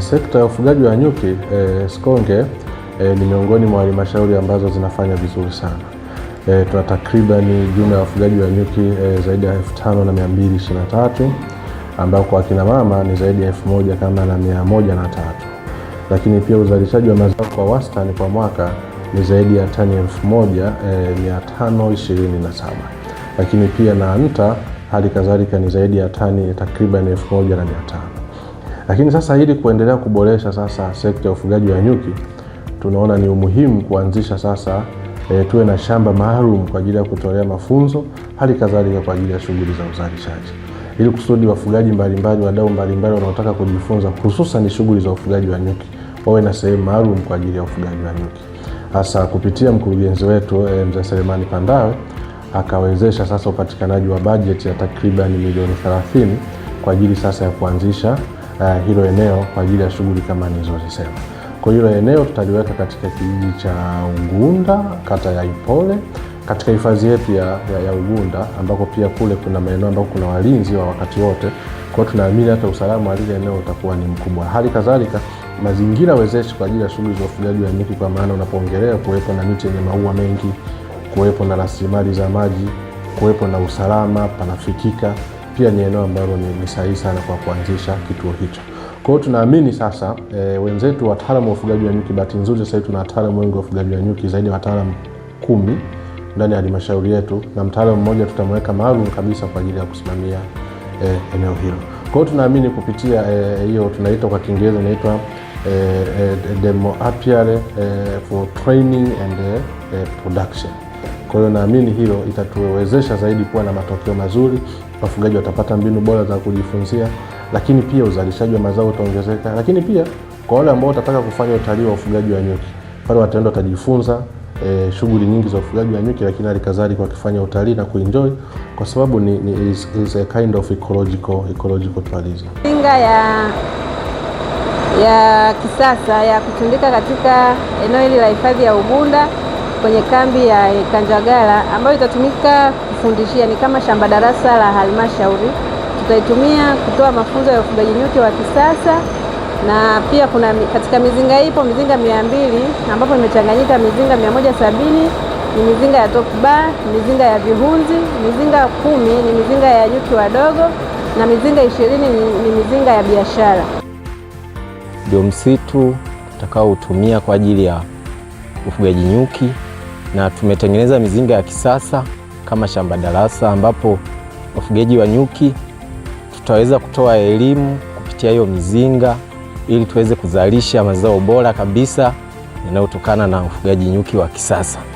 Eh, sekta ya ufugaji wa nyuki e, eh, Sikonge e, eh, ni miongoni mwa halmashauri ambazo zinafanya vizuri sana. E, tuna takriban jumla ya wafugaji wa nyuki e, zaidi ya 5223 ambao kwa akina mama ni zaidi ya tatu lakini pia uzalishaji wa mazao kwa wastani kwa mwaka ni zaidi ya tani 1527 e, lakini pia na nta hali kadhalika ni zaidi ya tani takriban 1500 lakini sasa ili kuendelea kuboresha sasa sekta ya ufugaji wa nyuki, tunaona ni umuhimu kuanzisha sasa e, tuwe na shamba maalum kwa ajili ya kutolea mafunzo, hali kadhalika kwa ajili ya shughuli za uzalishaji, ili kusudi wafugaji mbalimbali, wadau mbalimbali wanaotaka kujifunza hususan shughuli za ufugaji wa nyuki wawe na sehemu maalum kwa ajili ya ufugaji wa nyuki. Hasa kupitia mkurugenzi wetu e, Mzee Selemani Pandawe akawezesha sasa upatikanaji wa bajeti ya takriban milioni 30 kwa ajili sasa ya kuanzisha uh, hilo eneo kwa ajili ya shughuli kama nilizozisema. Kwa hilo eneo tutaliweka katika kijiji cha Ugunda, kata ya Ipole, katika hifadhi yetu ya, ya, ya Ugunda ambako pia kule kuna maeneo ambako kuna walinzi wa wakati wote. Kwa hiyo tunaamini hata usalama wa lile eneo utakuwa ni mkubwa. Hali kadhalika mazingira wezeshi kwa ajili ya shughuli za ufugaji wa nyuki, kwa maana unapoongelea kuwepo na miti yenye maua mengi, kuwepo na rasilimali za maji, kuwepo na usalama panafikika pia ni eneo ambalo ni sahihi sana kwa kuanzisha kituo hicho. Kwa hiyo tunaamini sasa e, wenzetu wataalamu wa ufugaji wa nyuki, bahati nzuri sasa hivi tuna wataalamu wengi wa ufugaji wa nyuki zaidi ya wataalamu kumi ndani ya halmashauri yetu, na mtaalamu mmoja tutamweka maalum kabisa kwa ajili ya kusimamia e, eneo hilo. Kwa hiyo tunaamini kupitia e, hiyo e, tunaita kwa Kiingereza inaitwa e, e, demo apiary e, for training and e, production kwa hiyo naamini hilo itatuwezesha zaidi kuwa na matokeo mazuri, wafugaji watapata mbinu bora za kujifunzia, lakini pia uzalishaji wa mazao utaongezeka. Lakini pia kwa wale ambao watataka kufanya utalii wa ufugaji wa nyuki, pale wataenda watajifunza E, shughuli nyingi za ufugaji wa nyuki, lakini halikadhalika wakifanya utalii na kuenjoy, kwa sababu ni, ni is, is a kind of ecological, ecological tourism. ya ya kisasa ya kutundika katika eneo hili la hifadhi ya Ugunda kwenye kambi ya Kanjagala ambayo itatumika kufundishia, ni kama shamba darasa la halmashauri. Tutaitumia kutoa mafunzo ya ufugaji nyuki wa kisasa, na pia kuna katika mizinga ipo mizinga mia mbili ambapo imechanganyika mizinga mia moja sabini ni mizinga ya top bar, mizinga ya vihunzi, mizinga kumi ni mizinga ya nyuki wadogo na mizinga ishirini ni mizinga ya biashara. Ndio msitu tutakaoutumia kwa ajili ya ufugaji nyuki na tumetengeneza mizinga ya kisasa kama shamba darasa, ambapo wafugaji wa nyuki tutaweza kutoa elimu kupitia hiyo mizinga ili tuweze kuzalisha mazao bora kabisa yanayotokana na ufugaji nyuki wa kisasa.